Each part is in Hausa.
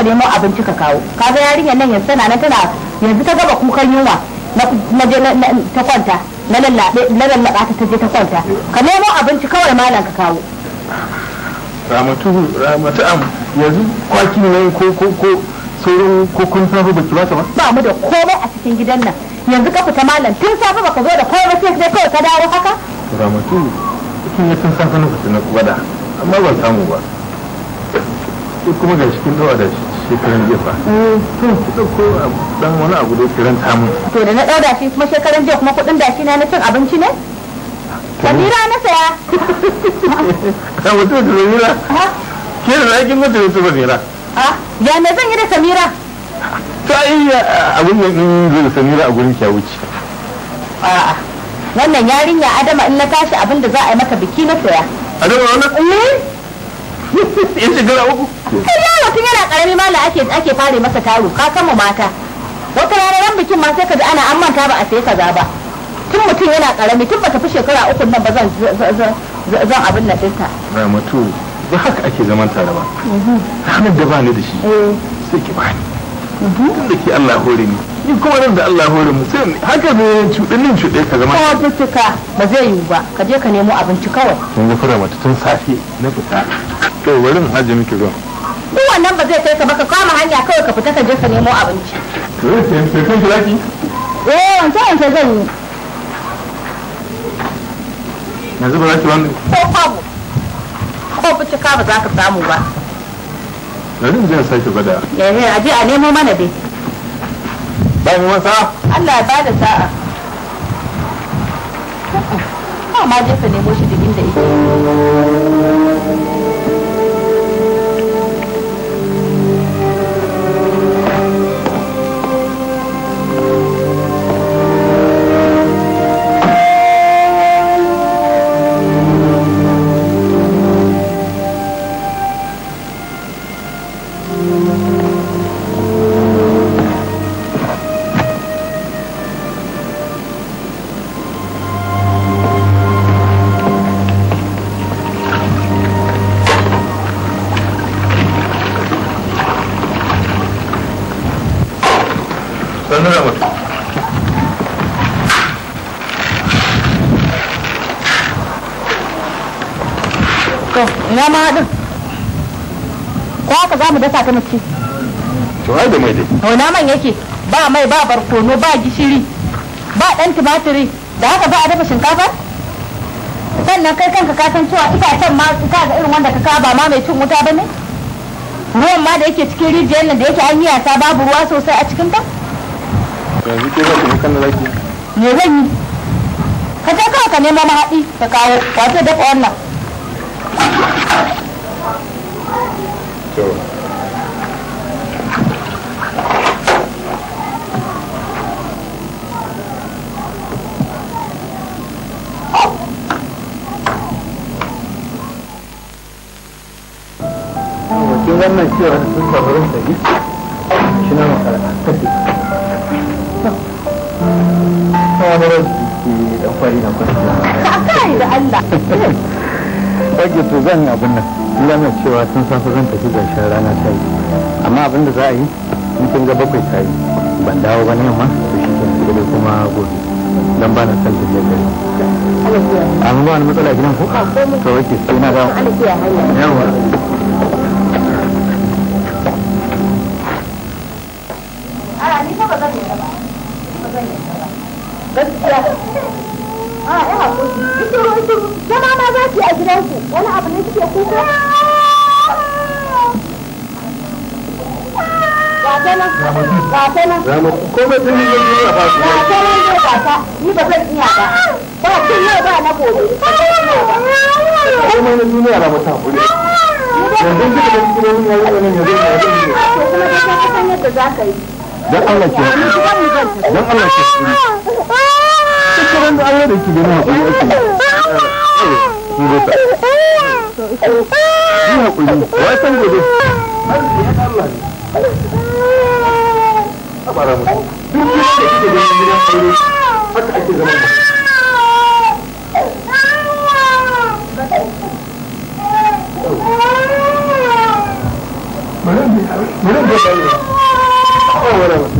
ka nemo abinci ka kawo kaga yarinyar nan yanzu tana nan tana yanzu ta gaba kukan yunwa na je ta kwanta na lallaba ta je ta kwanta ka nemo abinci kawai malam ka kawo ramatu ramatu am yanzu kwaki ne ko ko ko sauran ko kun safe baki ba ba ba mu da komai a cikin gidan nan yanzu ka fita malam tun safe baka zo da komai sai kai kawai ka dawo haka ramatu kin ya tun safe na fita na gwada amma ban samu ba kuma ga cikin dawa da shi shekaran jiya ba. Eh, to ki dauko dan wani abu da kiran ta mun to da na ɗau da shi kuma shekaran jiya kuma kuɗin da shi na cin abinci ne Samira na saya ka mutu da Samira ke da zaƙin mutu da Samira ya me zan yi da Samira to ai da nan din da Samira a gurin kyawuci. a'a wannan yarinya Adama in na tashi abin da za a yi maka biki na saya Adama wannan eh. in shekara uku kai yaro tun yana karami ma da ake ake fare masa taro ka san mu mata wata rana ran bikin ma sai ka ji ana an manta ba a sai kaza ba tun mutum yana karami tun bata fi shekara uku nan ba zan zan abin nan dinta ramatu ba haka ake zaman tare ba mhm. ranar da ba ni da shi eh. sai ki bani mhm. tun da ke Allah hore ni ni kuma nan da Allah hore mu sai haka ne cuɗinin cuɗe ka zama ko tuka ba zai yiwu ba ka je ka nemo abinci kawai mun ga fara mata tun safe na fita to wurin haji muke miki zuwa ko wannan ba zai kai ka ba ka kama hanya kawai ka fita ka je ka nemo abinci to sai sai kun ki? eh wancan wancan zan yi yanzu ba za ki wani ko babu ko ka ba za ka samu ba bari zai sake gwada eh, eh a a nemo mana dai ba mu masa Allah ya bada sa'a ba ma jefa nemo shi da inda yake ina ma haɗin ko haka za mu dasa ta mace to ai da mai dai to man yake ba mai ba barkono ba gishiri ba ɗan tumatiri da haka ba a dafa shinkafa sannan kai kanka ka san cewa itacen ma ka ga irin wanda ka kaba ma mai cin wuta ba ne ruwan ma da yake cikin rijiyar nan da yake an yi yasa babu ruwa sosai a cikin ta yanzu ke kan me zan yi ka je kawai ka nemo mahaɗi ka kawo wato dafa wannan zan yi abin nan ga mai cewa san safe zan tafi gashin rana ta yi amma abin da za a yi in kin ga bakwai ta yi ban dawo ba ne ma su shi ke gida kuma gobe dan ba na san da ke gari an ba wani matsala gidan ko ka wake sai na dawo yawa shiru zama ma za ki a gidanku wani abu ne kike kuka ke dan Allah da Bari bari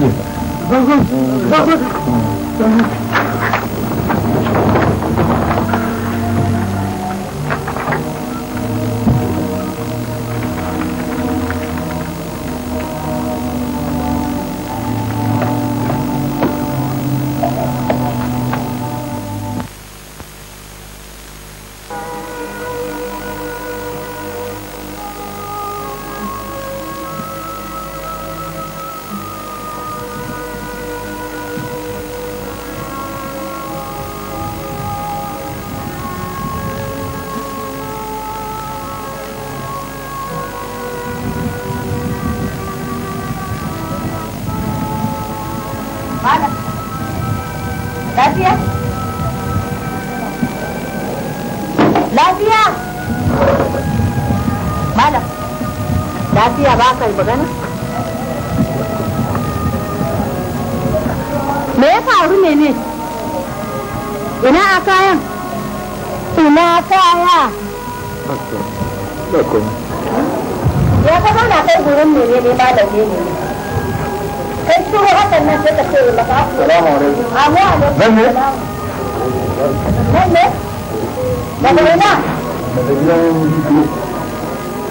shige tafiya ba ka magana? Me ya faru ne ne? Ina a kayan? Ina kaya? Ya ka zauna kai gurin ne ba da ne Kai su hakan nan sai ka ce Salamu alaikum. Nan ne? Daga ina? Daga gidan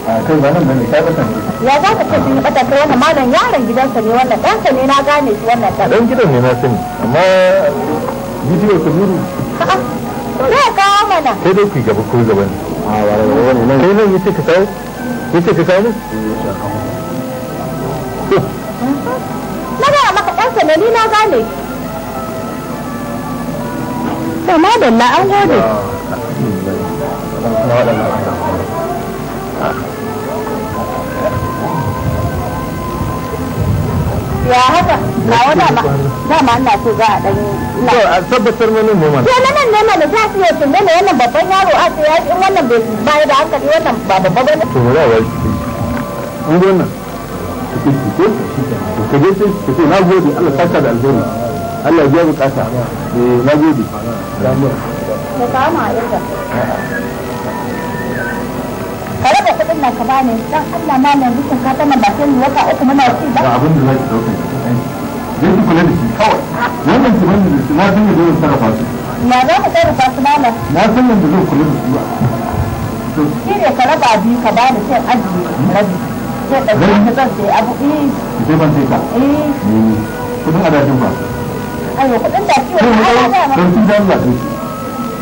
a kai ba nan ya za ka ce sun yi ɓata kai wannan malam yaron gidansa ne wannan ɗansa ne na gane shi wannan ɗan. ɗan gidan ne na sani amma bidiyo ka zuru. Ya kawo mana. Sai dai ku gaba ko gaba ne. Kai nan yace ka kawo? Yace ka kawo ne? Na gaya maka ɗansa ne ni na gane. Sama da la'an gode. ya haka na wani ma dama so za a dan to a tabbatar mana mu mana to nan ne mana ta fiye yi tunne ne wannan babban yaro a ce in wannan bai bai da hankali wannan ba babba bane to ba wai an sai na gode Allah da alheri Allah ya biya bukata eh na gode Allah ka bani dan Allah ma na yanzu ka tana ba sai mu wata uku muna ci ba abin da zaki dauke dan ki kula da shi kawai wannan ki bani da shi na san yadda zan sarrafa su na za mu sarrafa su malam na san yadda zan kula da shi ba shi ne ka raba biyu ka bani sai ajiye rabi sai ɗauki ka zan sai abu eh sai ban sai ka eh kudin adadin ba ayo kudin da ciwo ba ba ba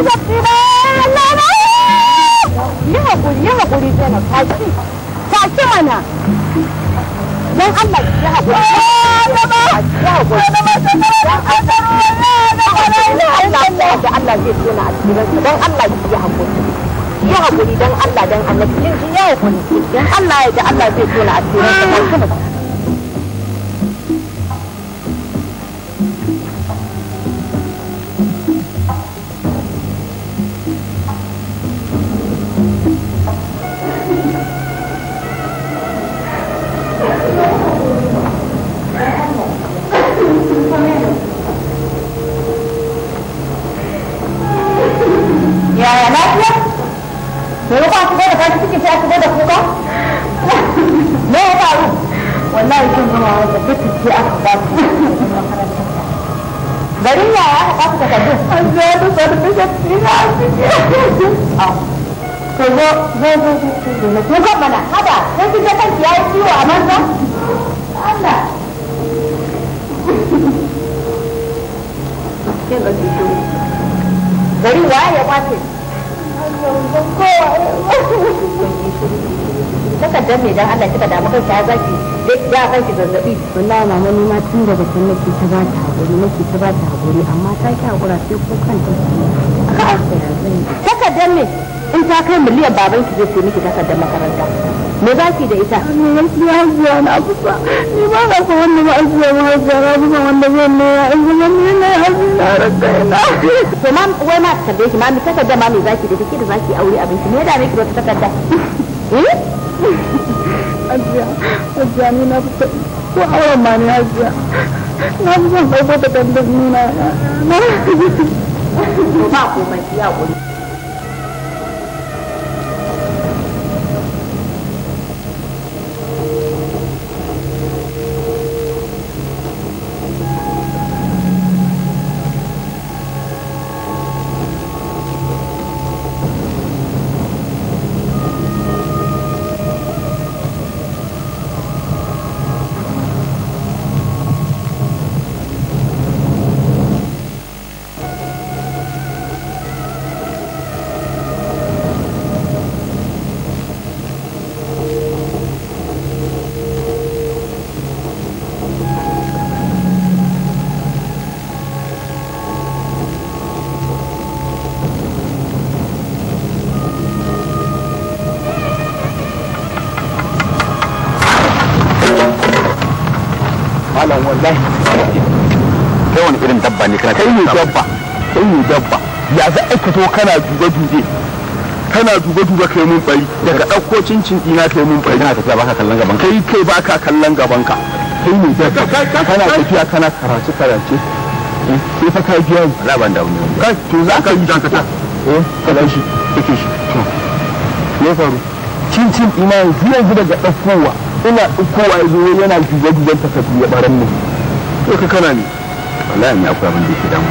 Yi haƙuri, yi haƙuri Zainab, tashi, tashi mana. Don Allah ki yi haƙuri. Allah zai tona a cikin don Allah ki yi haƙuri. Yi haƙuri don Allah don Allah, kin ji ya haƙuri. Don Allah ya ji Allah zai tona a cikin ya duk ya zazzabi wallahi mama ni ma tun daga can nake ta ba ta hakuri nake ta ba ta hakuri amma ta ki hakura sai ko ne in ta kai miliyan baban ki zai ce miki makaranta me za ki da ita ni gaskiya hajiya na kusa ni ba na wannan ba hajiya ma hajiya na kusa wanda zai ne ya in zama ni ne hajiya na rasa to ma wai ma ta ma mi ma me za ki da take da za ki aure abinci me da miki ta takarda eh? hajiya hajiya ni na fi ko auren ma ne hajiya na fi son ɗauko takardar nuna na ba mai ya ƙuri wallahi kai wani irin dabba ne kana kai ne dabba kai ne dabba ya za a fito kana duba duba kana duba duba kai mun bari daga dauko cincin ina kai mun bari kana tafiya baka kallon gaban kai kai baka kallon gaban ka kai ne dabba kana tafiya kana karatu karatu eh, sai fa ka biya wala ban da wani kai to za ka yi dakata eh kada shi kike shi ne faru cincin ina yanzu daga ɗaukowa ina ɗaukowa yanzu yana duba duba takardu ya baran mu ka kana ne wallahi ni akwai abin da yake damu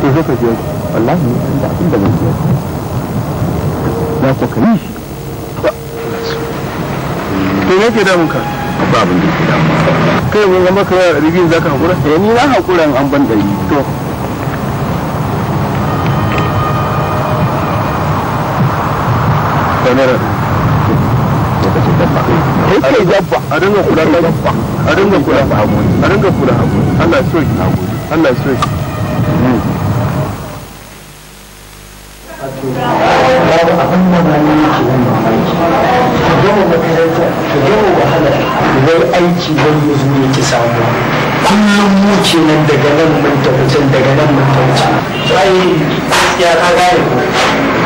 to zaka je wallahi ni da abin da ban je ya ko ka shi to me yake damun ka ba abin da yake damu kai mun ga maka ɗari zaka hakura eh ni na hakura an ban dari to Gracias. yake dabba a dinga kula da dabba a dinga kula da hakuri a dinga kula da hakuri Allah so ki hakuri Allah so ki wai aiki wani yanzu ne ki samu kullum mu kenan daga nan mun tafi daga nan mun tafi ya ka gane ko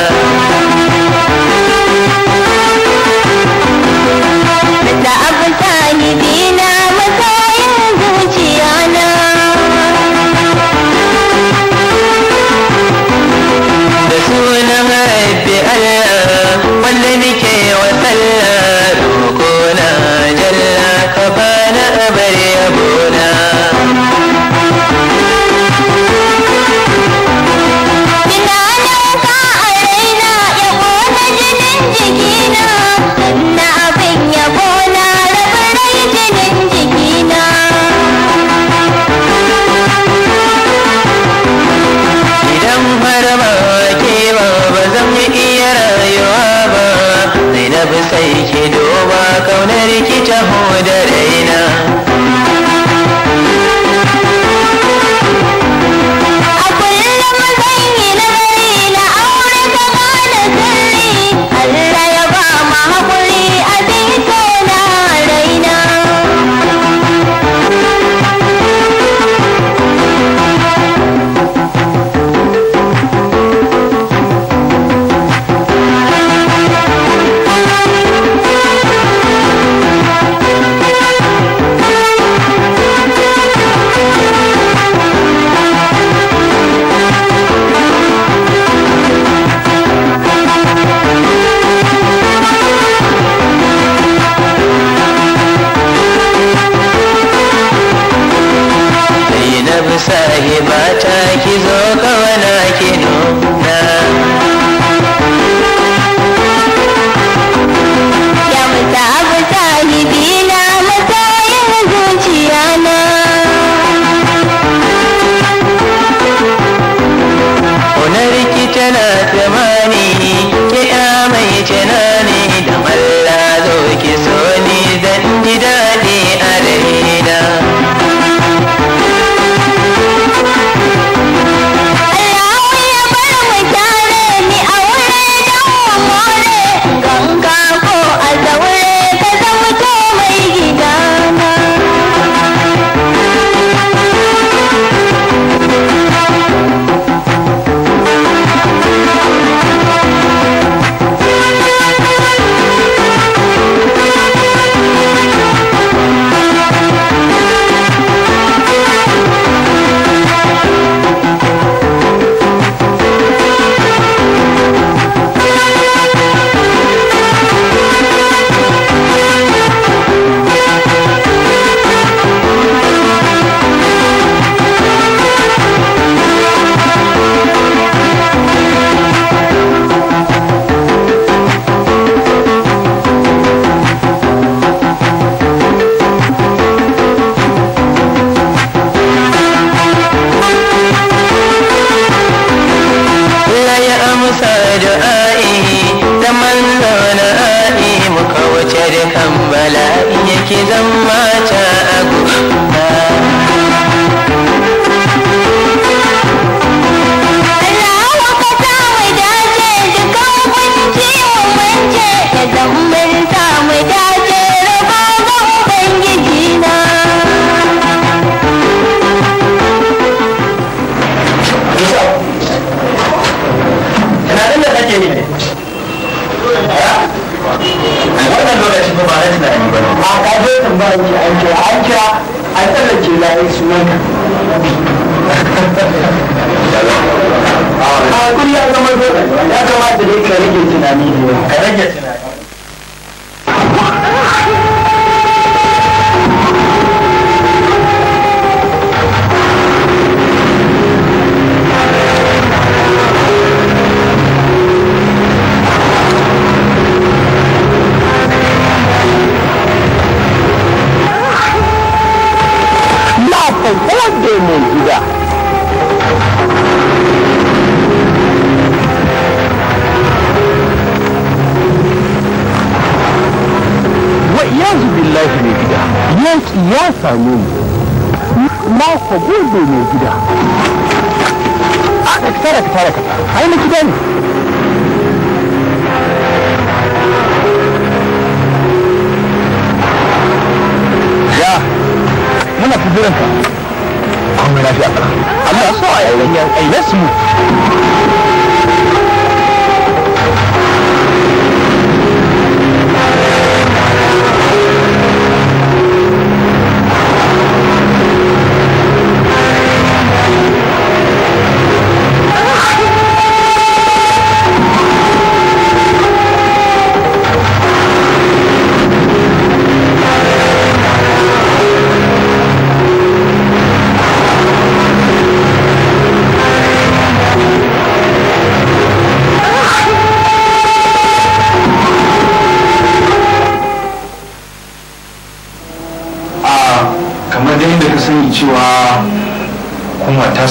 I'm hoy đề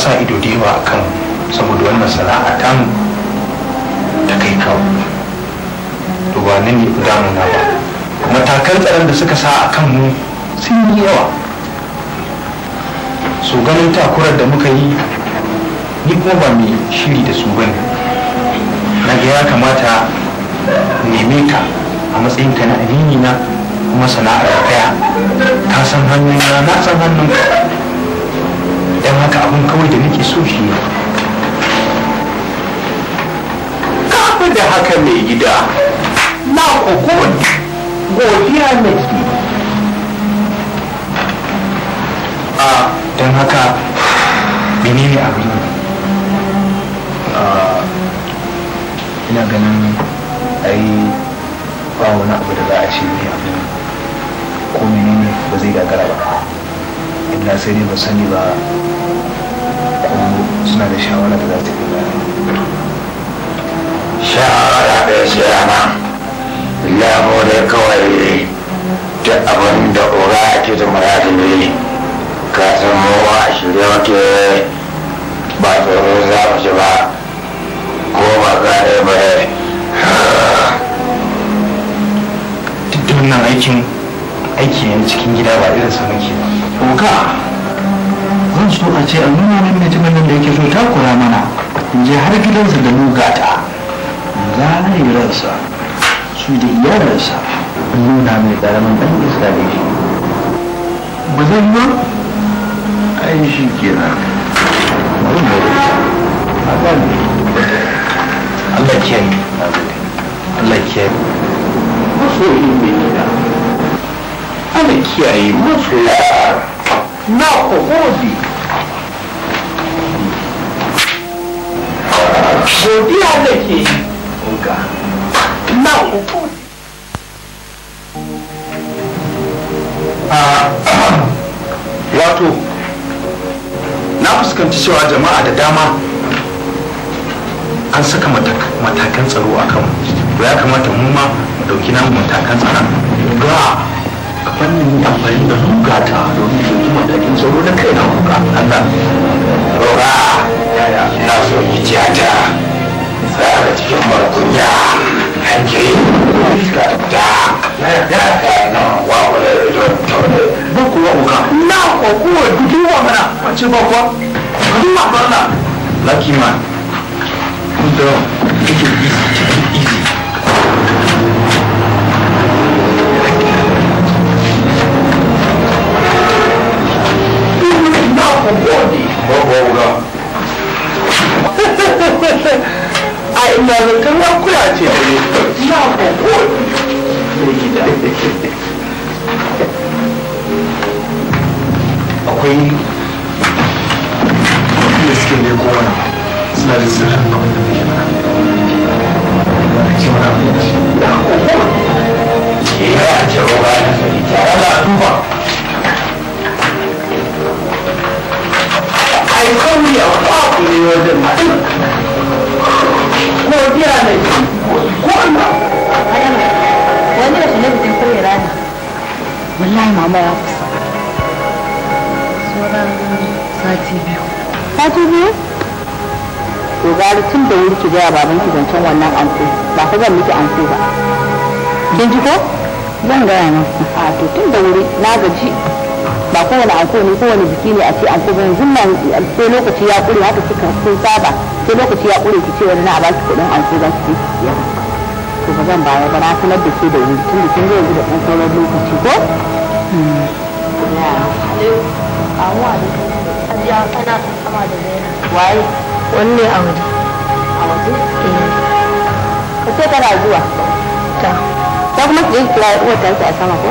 sa ido da yawa a kan saboda wannan sana'a ta mu ta kai kawo to ba nan ne damuna ba matakan tsaron da suka sa a kan mu sun yi yawa su ganin takurar da muka yi ni kuma ba mai shiri da su ba na ga ya kamata neme ka a matsayin ka na amini na kuma sana'ar kaya? ka san hannun na san hannun haka abin kawai da nake so shi ne kafa da haka mai gida na kokon godiya nake a don haka menene abin ina ganin ai ba wani abu da za a ce mai abin ko menene ba zai gagara ba illa sai ne ba sani ba suna da shawara da za su yi shawara da kawai ne ta abin da ƙura ke da muradin ne ka san mowa a shirya wake ba tsoro za mu ci ba ko ba gane ba duk wannan aikin aiki ne cikin gida ba irin sa nake ba. Zan so a ce a nuna min mutumin nan da yake so takura mana in je har gidansa da a zane ransa su da An nuna mai karamin ɗan iska da shi ba zan ba ai shi kenan Allah kiyaye Allah kiyaye yi mai gida Allah kiyaye yi na kogodi godiya da ke na uku ah, wato na fuskanci cewa jama'a da dama an saka matakan tsaro a kan ya kamata mu ma mu dauki namu matakan tsaron ga a fannin amfani da hukata domin dauki matakin tsaro na kai na hukata Allah yaya ina so ki ji ta tsara cikin markunya hanki iska ta ya ta na wawo ba kuwa uka na kokowa duki wa mana ba kuwa ka duba barna laki kike ina zaton ya kula ce da ne na koko akwai da suke ne kowane suna da sirrin na wanda ne na cewa na koko ya ba na sani to you, godiya ne ko Allah wani da bikin rana wallahi mama ya kusa sati biyu sati biyu to gari tun da wuri ki gaya baban ki zancen wannan anko ba ku zan miki anko ba kin ji ko zan gaya masa a to tun da wuri na gaji ba kowane anko ne kowane jiki ne a ce anko ba yanzu nan sai lokaci ya kure haka kika sun saba sai lokaci ya kure ki ce wani na a baki kuɗin anko za ki ya to ba zan baya ba na sanar da ke da wuri tun da kin ga yanzu da ɗan kawo lokaci ko waye wani ne a waje a waje eh. ka ce kana zuwa ta ta kuma ki je ki kira uwa ta a sama ko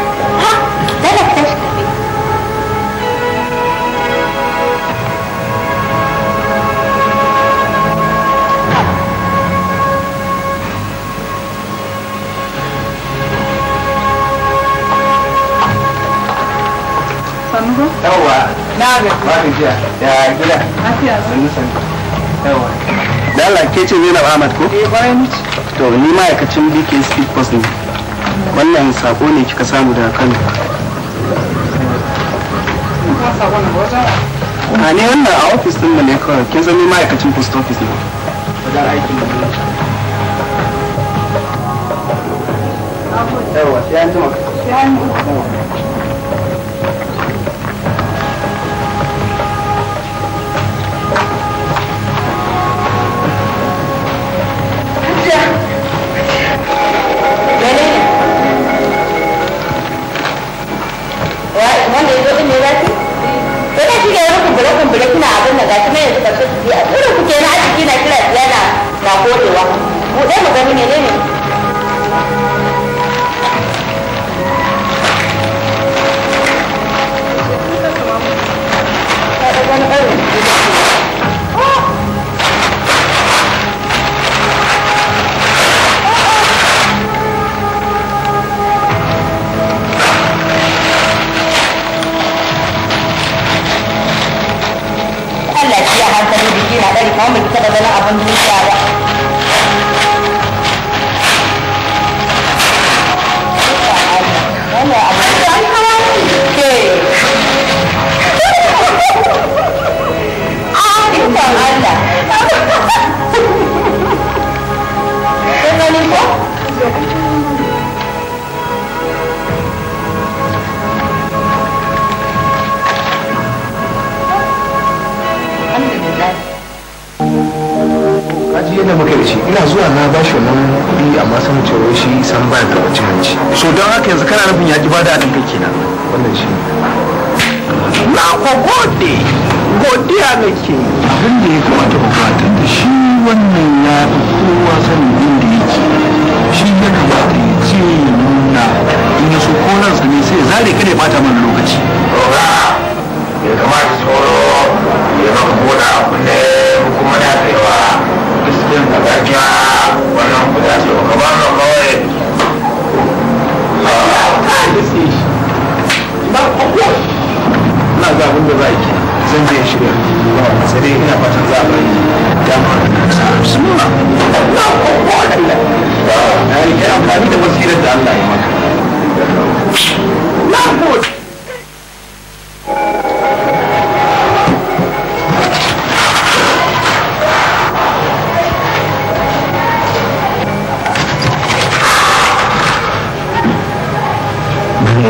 sannu ba yawa na ga ba ni jiya ya gida lafiya sannu sannu yawa da ke ce Zainab Ahmad ko eh bayan ni to ni ma'aikacin BK Speed Post ne wannan sako ne kika samu daga Kano a ne wannan a ofis din mu ne kawai kin zama ma'aikacin post office ne wajen aikin da yawa sai an jima sai an jima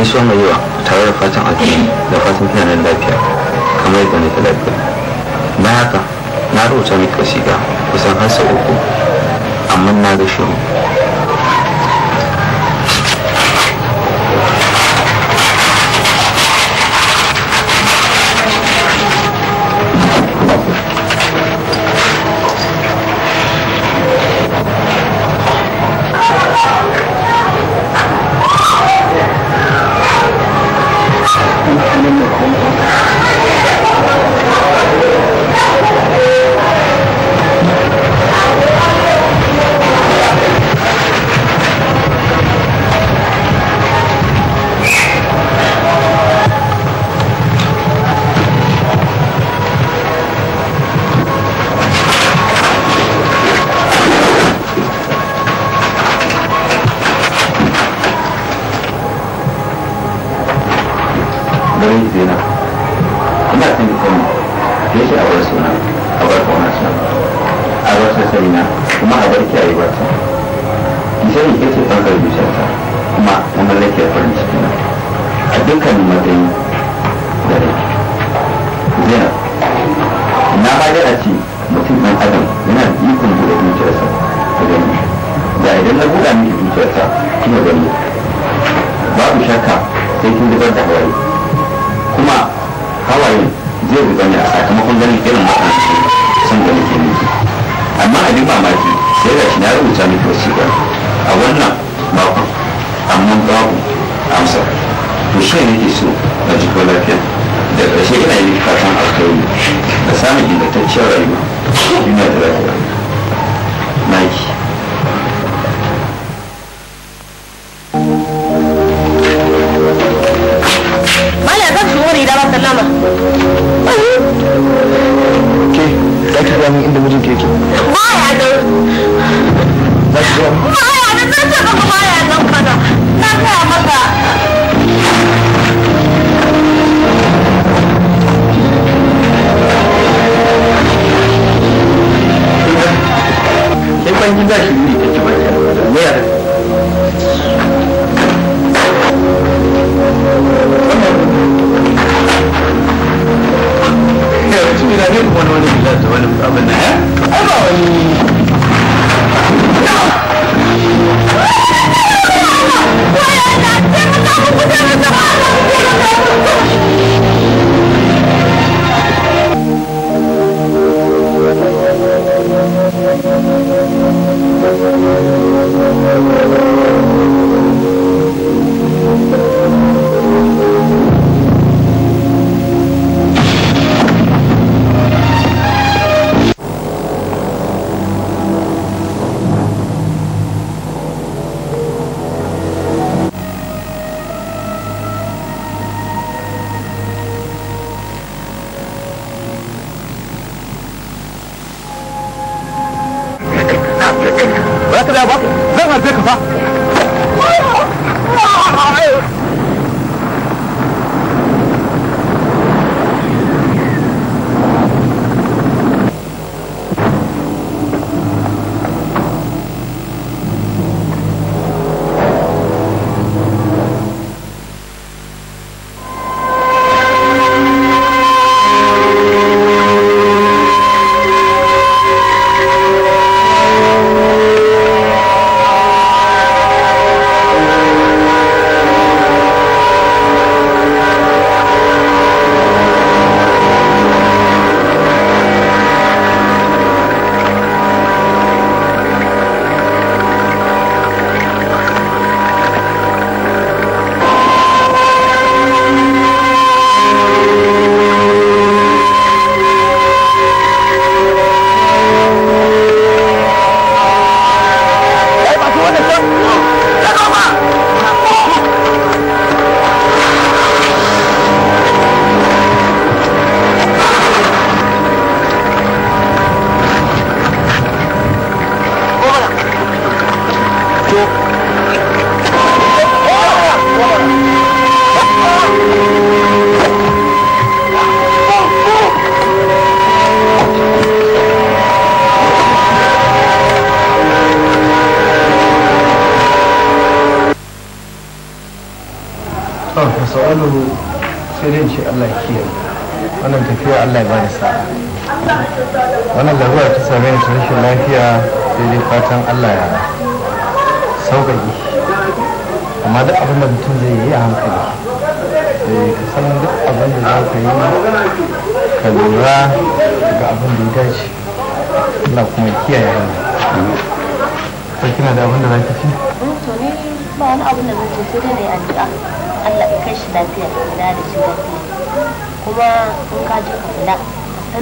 so mai yawa tare da fatan alheri da fatan tana nan lafiya kamar yadda nake lafiya na haka na rubuta miki ga kusan har sau uku amma na ga shiru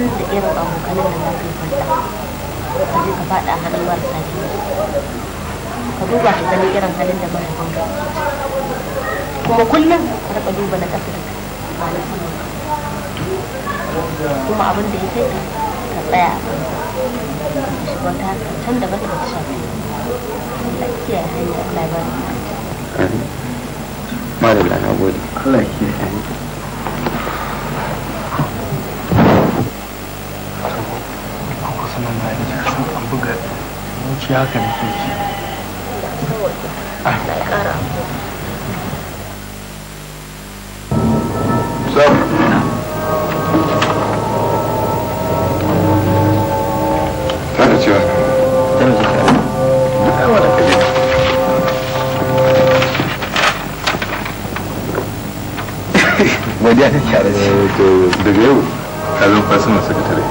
san da irin abokanan da za ka yi kwanta ka je ka faɗa halin marasa kyau ka duba ka gani irin halin da mahaifinka kuma kullum ka duba na ƙasa da ba kuma abin da ya kai ka ka tsaya shi can da bata ta shafi da kiyaye hanyar gode. Allah kiyaye. gaskiya haka na ke ji Tare cewa. Tare cewa. Ai, wata kaje. godiya ta tare shi. Daga yau, ka zama fasin masu katare.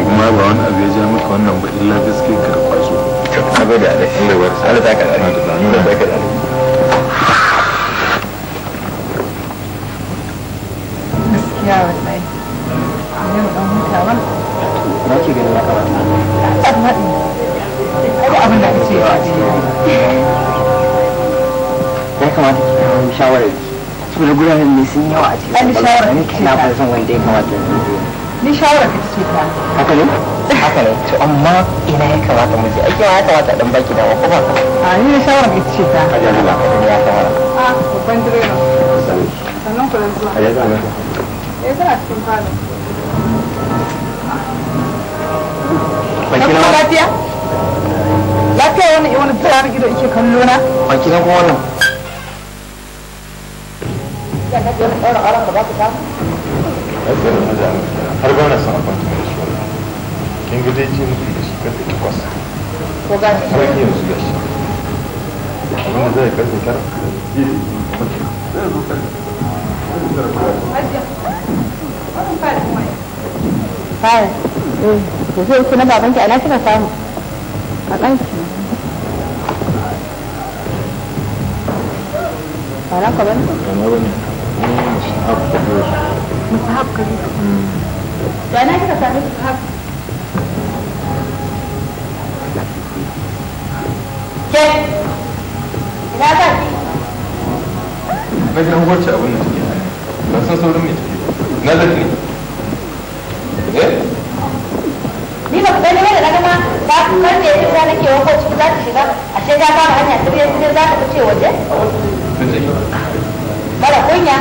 amma ba wani abu ya ja maka wannan ba illa gaske ka kwaso abai da inda wani ala ta ka alai ba ba ka alai gaskiya wallahi dan na ce abin da ya kamata ki kawo shawarar saboda ne sun yawa a cikin ne kina ba zan wanda ya kamata ya ni shawara ta haka ne haka ne to amma ina ya kamata mu je ake ya kamata dan baki da ko ba ka a ni shawara ka ce ta a jami'a ba ya shawara a babban direba sannan ku da zuwa a yaza ne eh tana cikin falo lafiya? wani wani tsayar gida yake kallo na? kuma wannan? Ya kaje wani ɗaura aron da ba ka samu? Ya da ba ka samu? har ba na san da shi da shi ko ga yanzu da shi abinda zai kwasa tara mm. zai da zai ba na kika sami haka ke ina za ki na ji an wacce abin da take ba san saurin mai take na zafi ne eh? ni ba ku gani wanda na gama ba ku kan da yake da nake wanko ciki za ta shiga ashe ta kama hanya sai sai za ta fice waje ba da kunya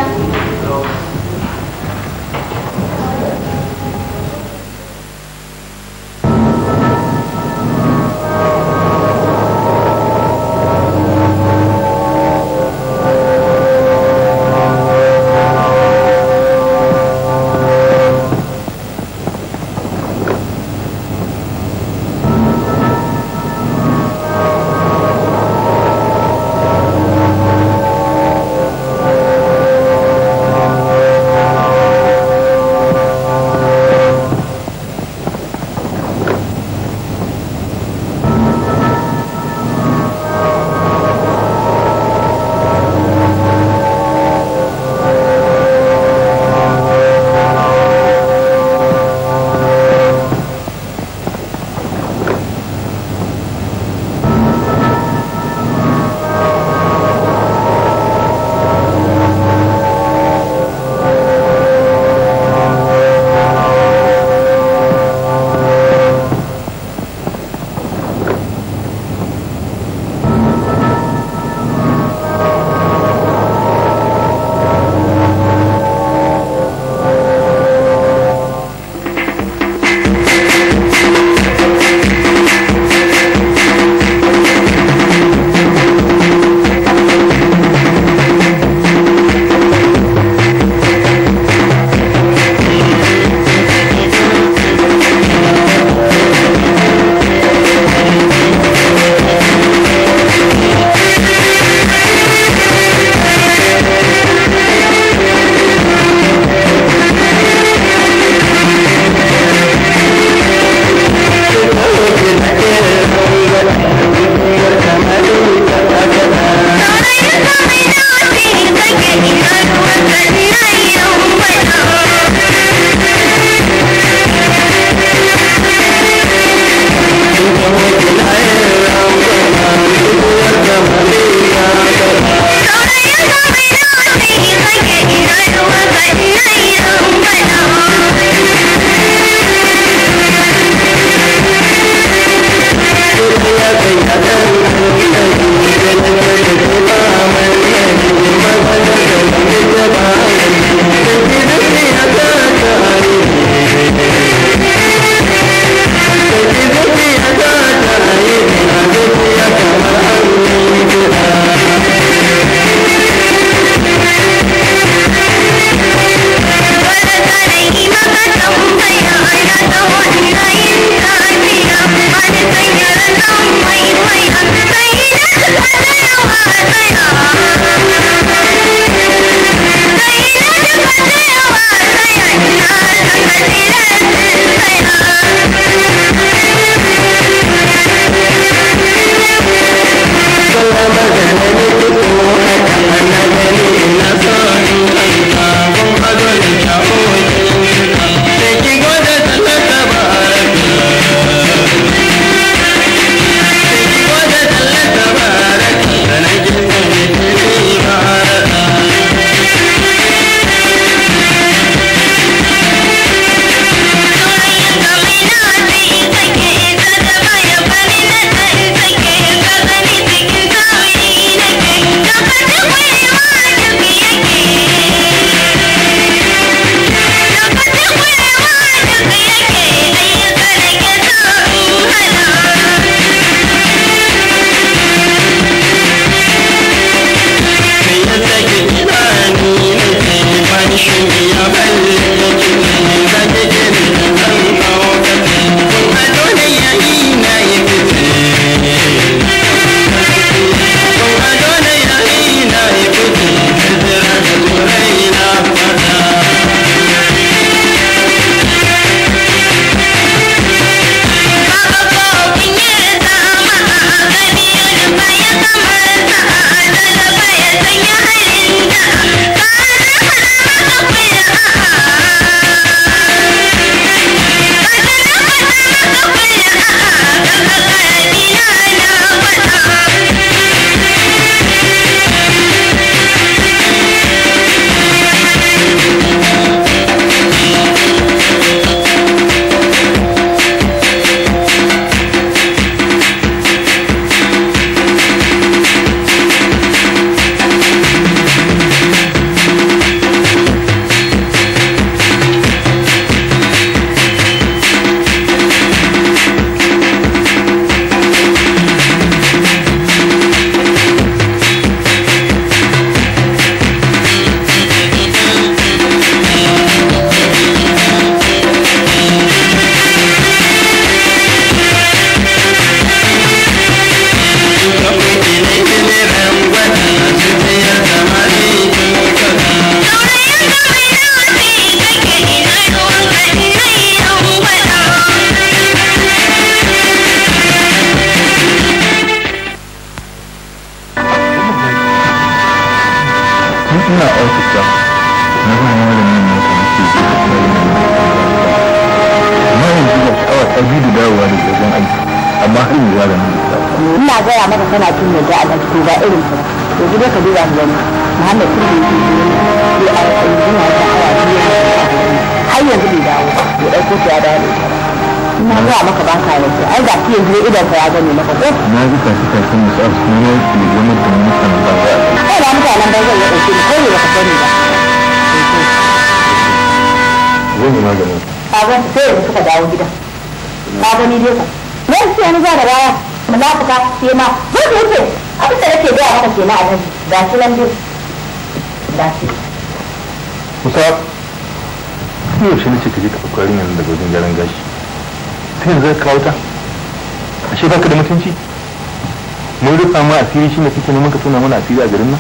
mutunci mun rufa mu asiri shi ne kike neman ka tona mana asiri a garin nan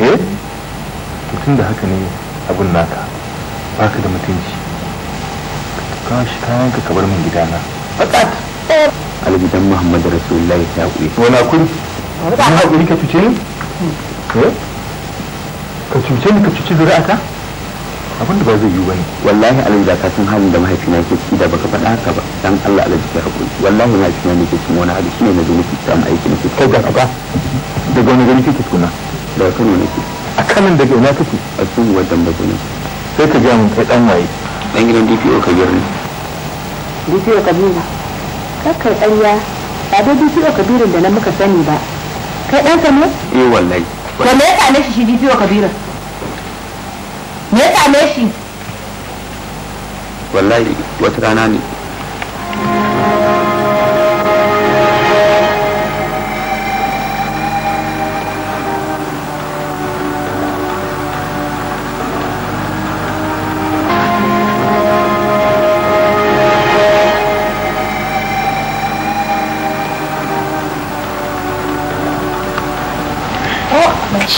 eh to tun da haka ne abun naka baka da mutunci ka shi kayan ka kabar min gidana fakat albidan muhammad rasulullahi ta kuɗi wani hakuri wani hakuri ka cuce ni ka cuce ni ka cuce zuri'ata abin da ba zai yiwu bane wallahi alhaji da ka san halin da mahaifina yake ciki da baka faɗa haka ba dan Allah alhaji ya hakuri wallahi mahaifina ne ke cikin wani hali shine na zo miki samu aiki nake kai ga ka daga wani gari kike tukuna daga Kano nake a kanan daga ina kake a cikin wadan da gani sai ka ga mun kai dan waye dan gidan DPO Kabir ne DPO Kabir kakkai ƙarya ba dai DPO Kabirin da na muka sani ba kai ɗansa ne eh wallahi wanda ya same shi shi DPO Kabirin me ya same shi wallahi wata rana ne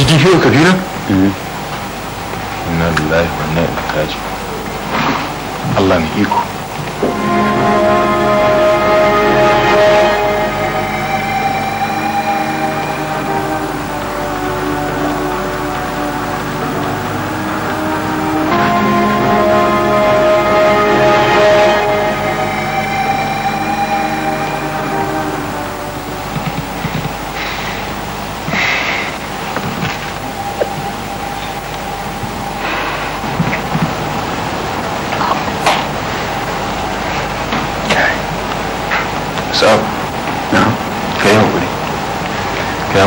Did oh, you hear Kabila? Mm-hmm. Islamique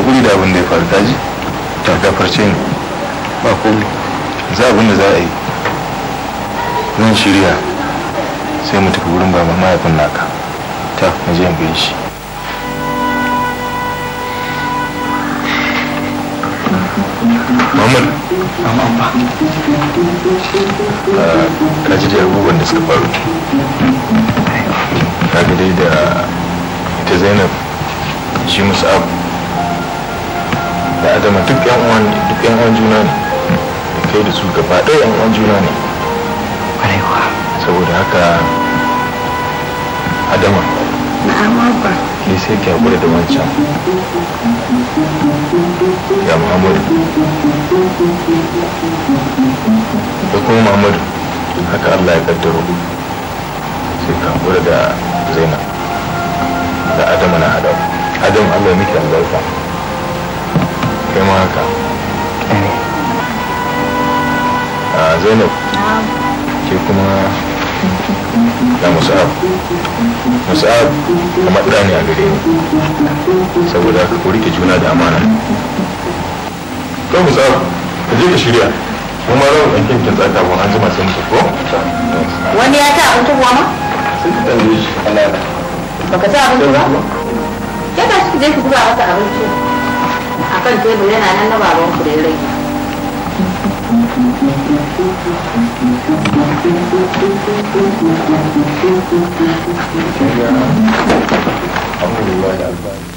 haƙuri da abin da ya faru kaji ta gafarce ni ba komai za abin da za a yi zan shirya sai mu tafi wurin baba mahaifin naka ta mu je mu shi Muhammad ah, ka ji da abubuwan da suka faru ka dai da ita zainab shi musu abu da adama duk yan uwan duk yan uwan juna ne kai da su gaba ɗaya yan uwan juna ne kwarewa saboda haka adama na'ama ba ni sai ki hakura da wancan ya muhammadu da kuma muhammadu haka allah ya kaddaro sai ka hakura da zainab da adama na hada adam allah ya miki albarka kai ma haka a zainab ke kuma na musa'ab musa'ab kuma ɗa ne a gare ni saboda ka kori rike juna da amana to musa'ab ka je ka shirya kuma rawar ɗauki kin tsaka ko an jima sun ko wani ya ta abin tubuwa ma? sun ta ɗan yi shi ba ka ta abin tubuwa? ya ta shi je ki buga masa abinci kan tebur yana nan na baban ku da ya rage Abubuwa da albani.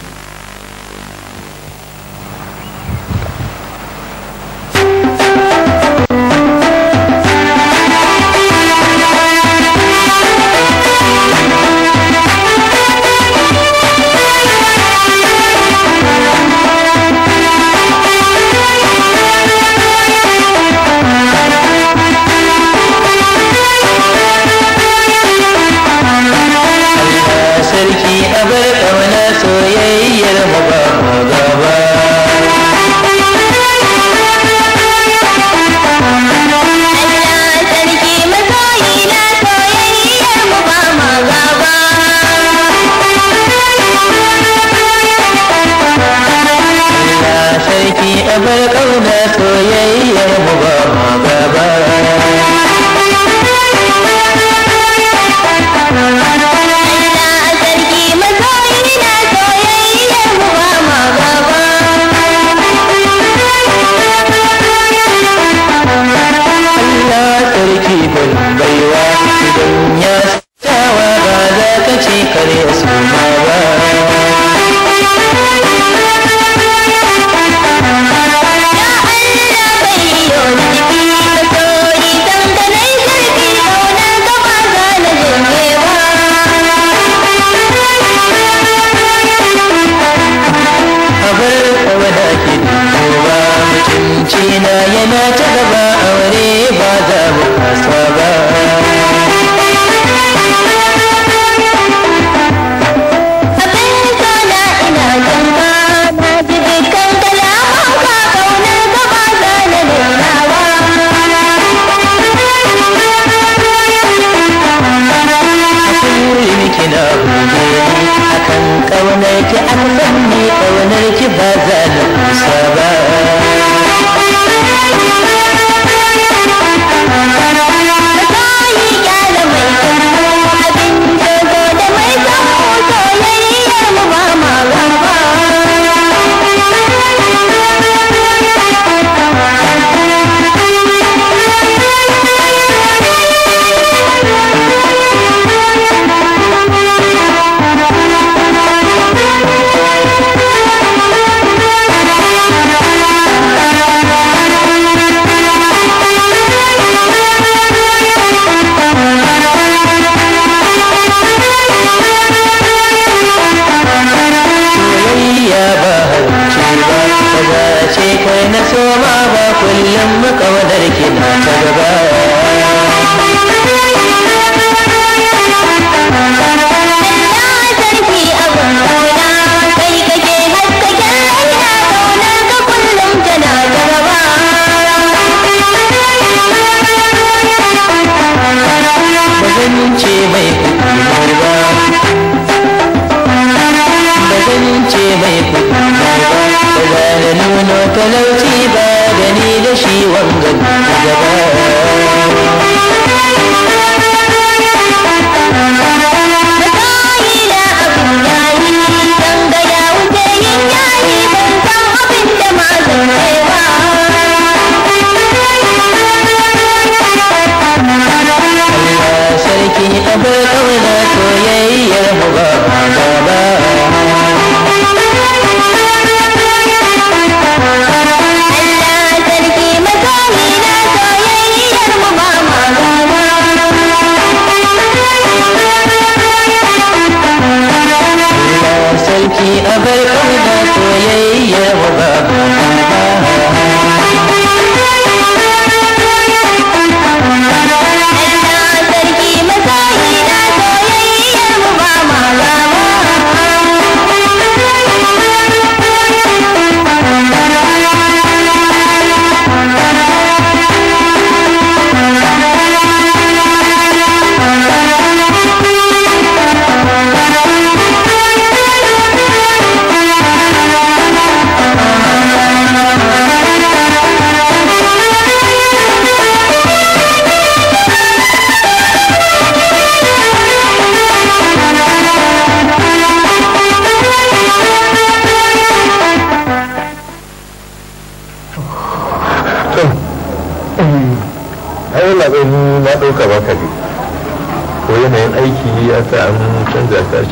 ce kai na soma ba kullum makaunar ki na ta gaba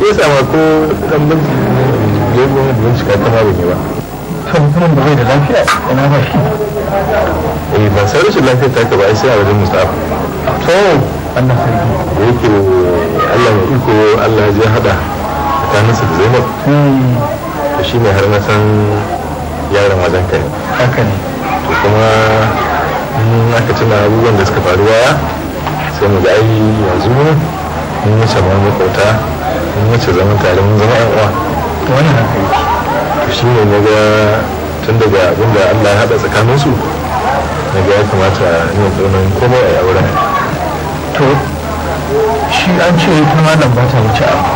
ko sama ko dan ne ko ne goma da bincika ta ma bai ba mutumin da bai da lafiya ina ba shi eh ban san rashin lafiya ta ka ba sai a wajen mustafa to Allah sarki da yake Allah mai iko Allah ya hada tsakaninsa da zainab hmm. to shi ne har na san yaron wajen ka ne haka ne to kuma in aka tuna abubuwan da suka faru waya. sai mu ga ai yanzu mun samu makwabta mun wuce zaman tare mun zama yan uwa wani haka yake to shi ne na ga tun daga abin da Allah ya haɗa tsakanin su na ga ya kamata yin tsoron komai a yaura to shi an ce ita malam ba ta wuce abu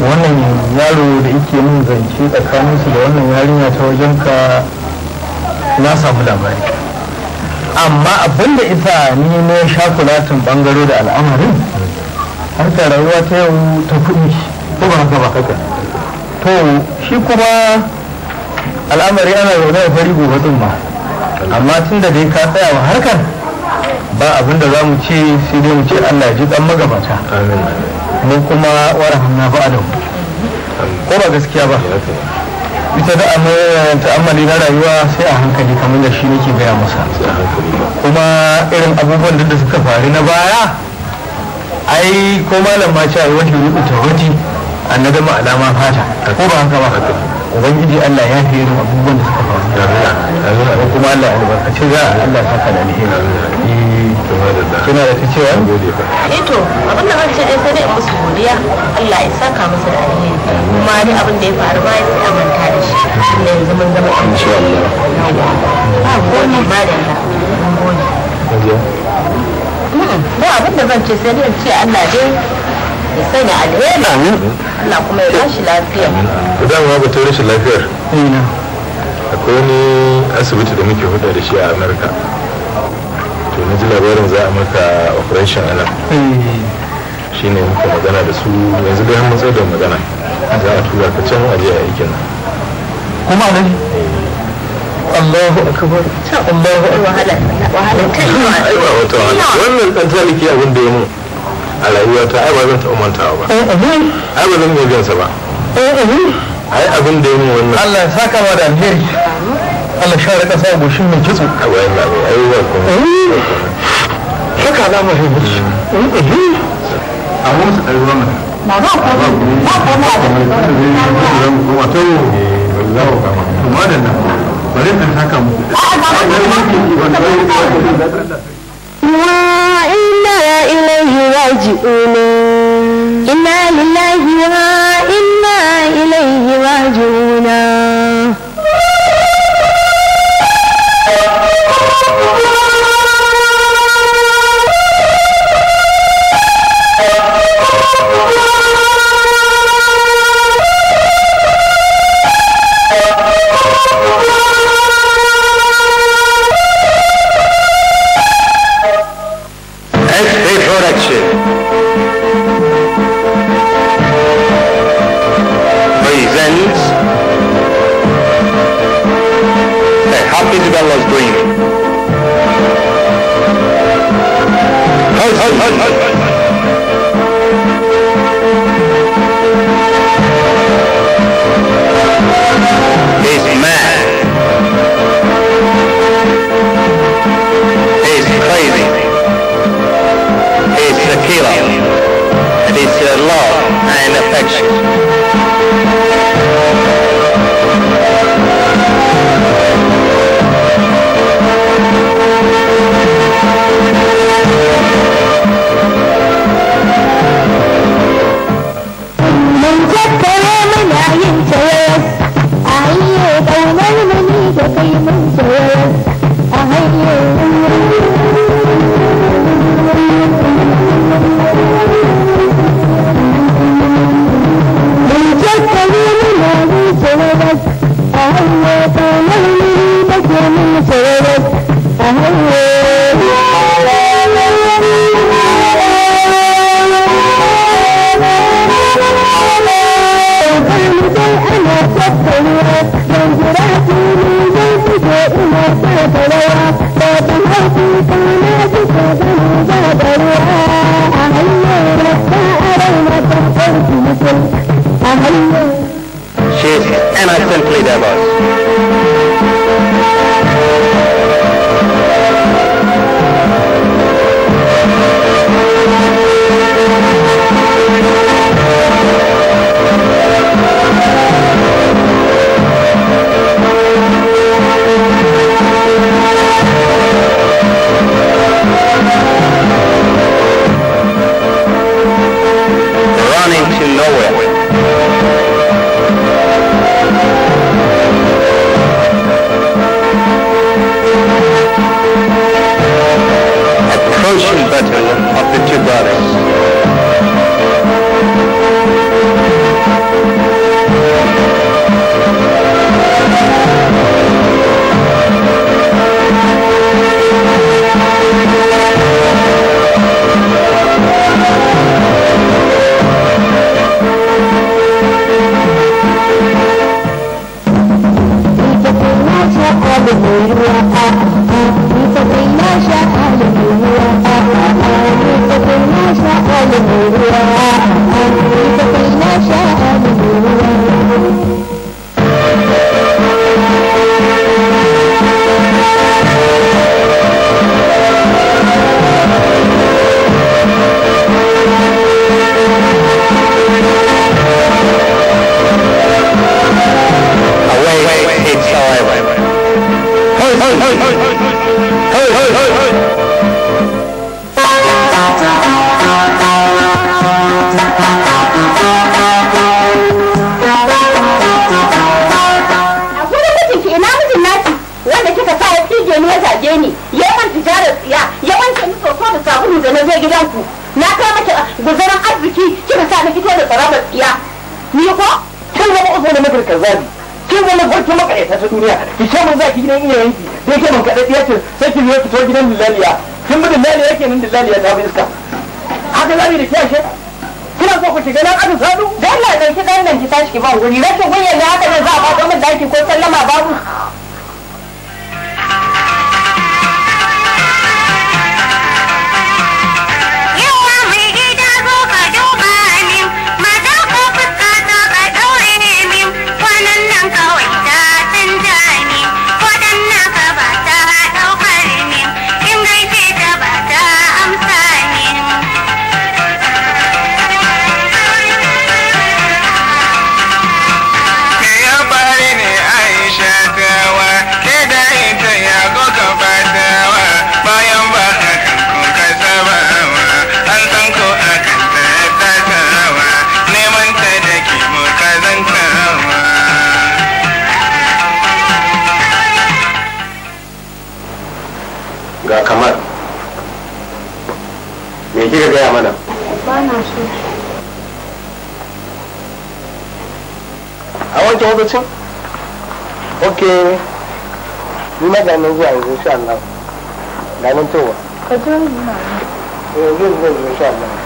wannan yaro da yake min zance tsakanin su da wannan yarinya ta wajen ka na samu labari amma abinda ita ni ne shakulatin bangare da al'amarin harkar rayuwa ta yau ta kuɗi ko ba haka ba haka to shi kuma al'amari ana zaune a fari gobe din ba amma tun da dai ka tsaya wa harkar ba abin da za mu ce sai dai mu ce Allah ya ji dan magabata mun kuma ba adam ko ba gaskiya ba ita da ta'ammali na rayuwa sai a hankali kamar da shi nake gaya masa kuma irin abubuwan da suka faru na baya ai ko malam ma cewa wani rubu ta wati annabi ma alama fata ko ba haka ba ubangiji Allah ya fi irin abubuwan da suka faru ko kuma Allah ya albarkace za Allah ya saka da alheri eh, kina da ta cewa eh to abin da ce dai sai dai musu godiya Allah ya saka musu da alheri kuma dai abin da ya faru ba ya sai manta da shi shine yanzu mun zama insha Allah ba ko ni ba da Allah mun gode ba abin da ce sai dai ce Allah dai ya sanya alheri Allah kuma ya bashi lafiya ku ba ta rashin lafiyar akwai wani asibiti da muke huda da shi a amurka to na ji labarin za a maka operation anan eh. shi ne muka magana da su yanzu bayan matsar da magana za a tura ka can aje a aikin kuma ne eh. Allahu akbar Allahu akbar wahala wahala kai wata wahala wannan dan taliki abin da ya mun ta ai ai ta umanta ba eh ba ai ba zan gansa ba ai abin da ya wannan Allah ya saka ma da alheri Allah share kasa goshin mai kitso ai bayan ai ba haka za mu fahimci a wasu ɗaruwa mana ba ba ko ba ba ko ba ko ba ko ba ko ba ko ba ko ba ko ba ko ba ko ba bari in haka mu inna ilaihi raji'un inna lillahi wa inna ilaihi raji'un He's mad. He's crazy. He's a killer. And he's your love and affection. I'm Thank you. ta duniya ki ce mun za ki gidan ki dai ke mun kaɗaɗɗiya ce sai ki zo ki to gidan dillaliya kin bi dillaliya yake nan dillaliya ta bi iska haka zabi da kiyashe kina so ku shiga nan aka sadu dan la ki dan nan ki tashi ki ba guri rashin ce ni maganin ganin zuwa yanzu insha Allah ganin cewa ka je na yanzu zan zo insha Allah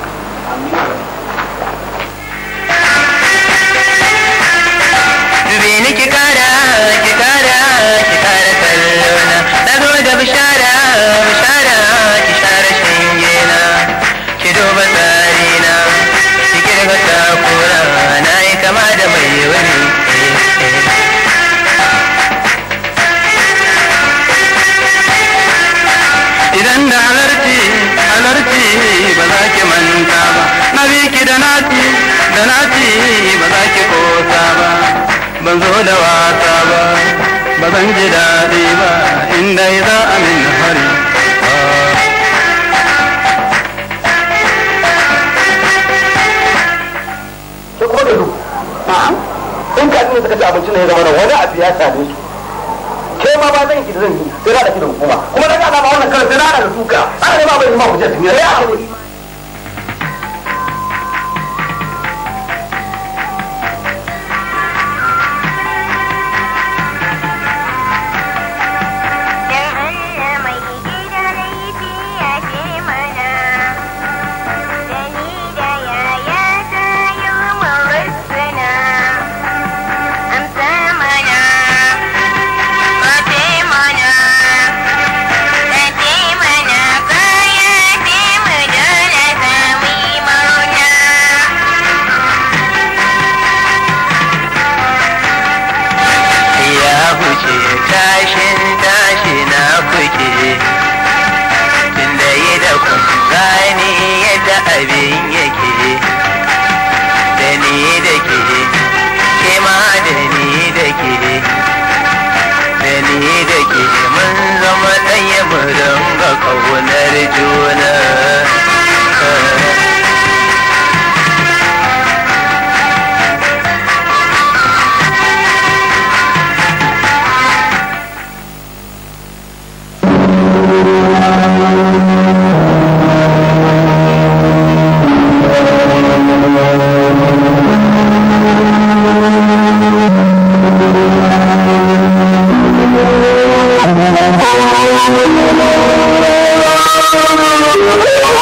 Gracias.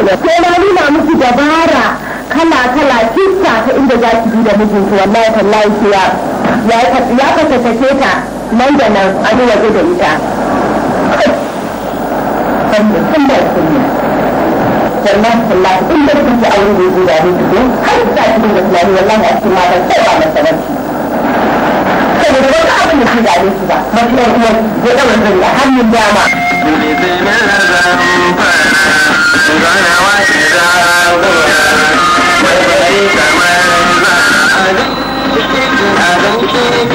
sai na nuna musu dabara kala kala kissa ta inda za ki bi da mijinki wallahi tallahi ki ya ya take ta nan da nan a yi waje da ita sannan tallahi kuke aure har da tunani wallahi a cikin mata sai ba san da shi da abin su ba matsayin kuma ya ɗaura zari a hannun dama. Thank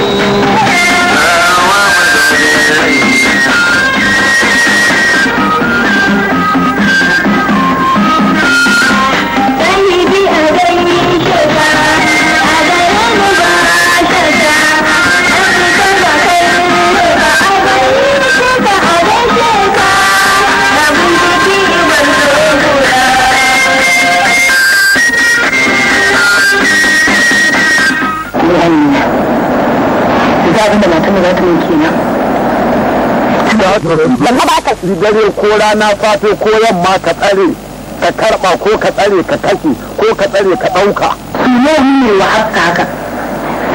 dare ko rana fato ko yamma ka tsare ka karba ko ka tsare ka kashe ko ka tsare ka ɗauka. Sunohi ne wa haka haka.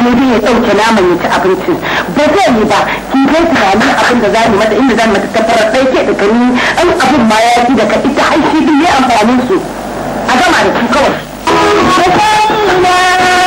Sai dai ya ɗauke naman ya ci abincin. Ba zai yi ba, kin kai tunanin abin da za mu mata inda za mu mata tabbatar sai ke da kani an abin ma ya ci daga ita har shi duk ya amfanin su. A gama da ki kawai.